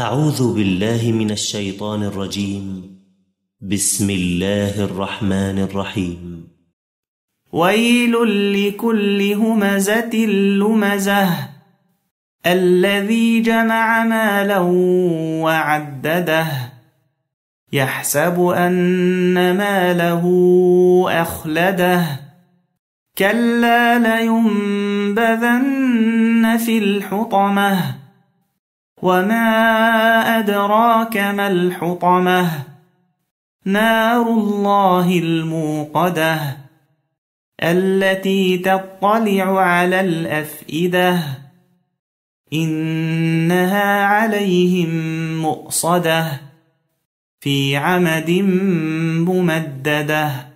أعوذ بالله من الشيطان الرجيم بسم الله الرحمن الرحيم ويل لكل همزة لمزة الذي جمع مالا وعدده يحسب أن ماله أخلده كلا لينبذن في الحطمه وما أدراك ما الحطمة نار الله الموقدة التي تطلع على الأفئدة إنها عليهم مؤصدة في عمد ممدده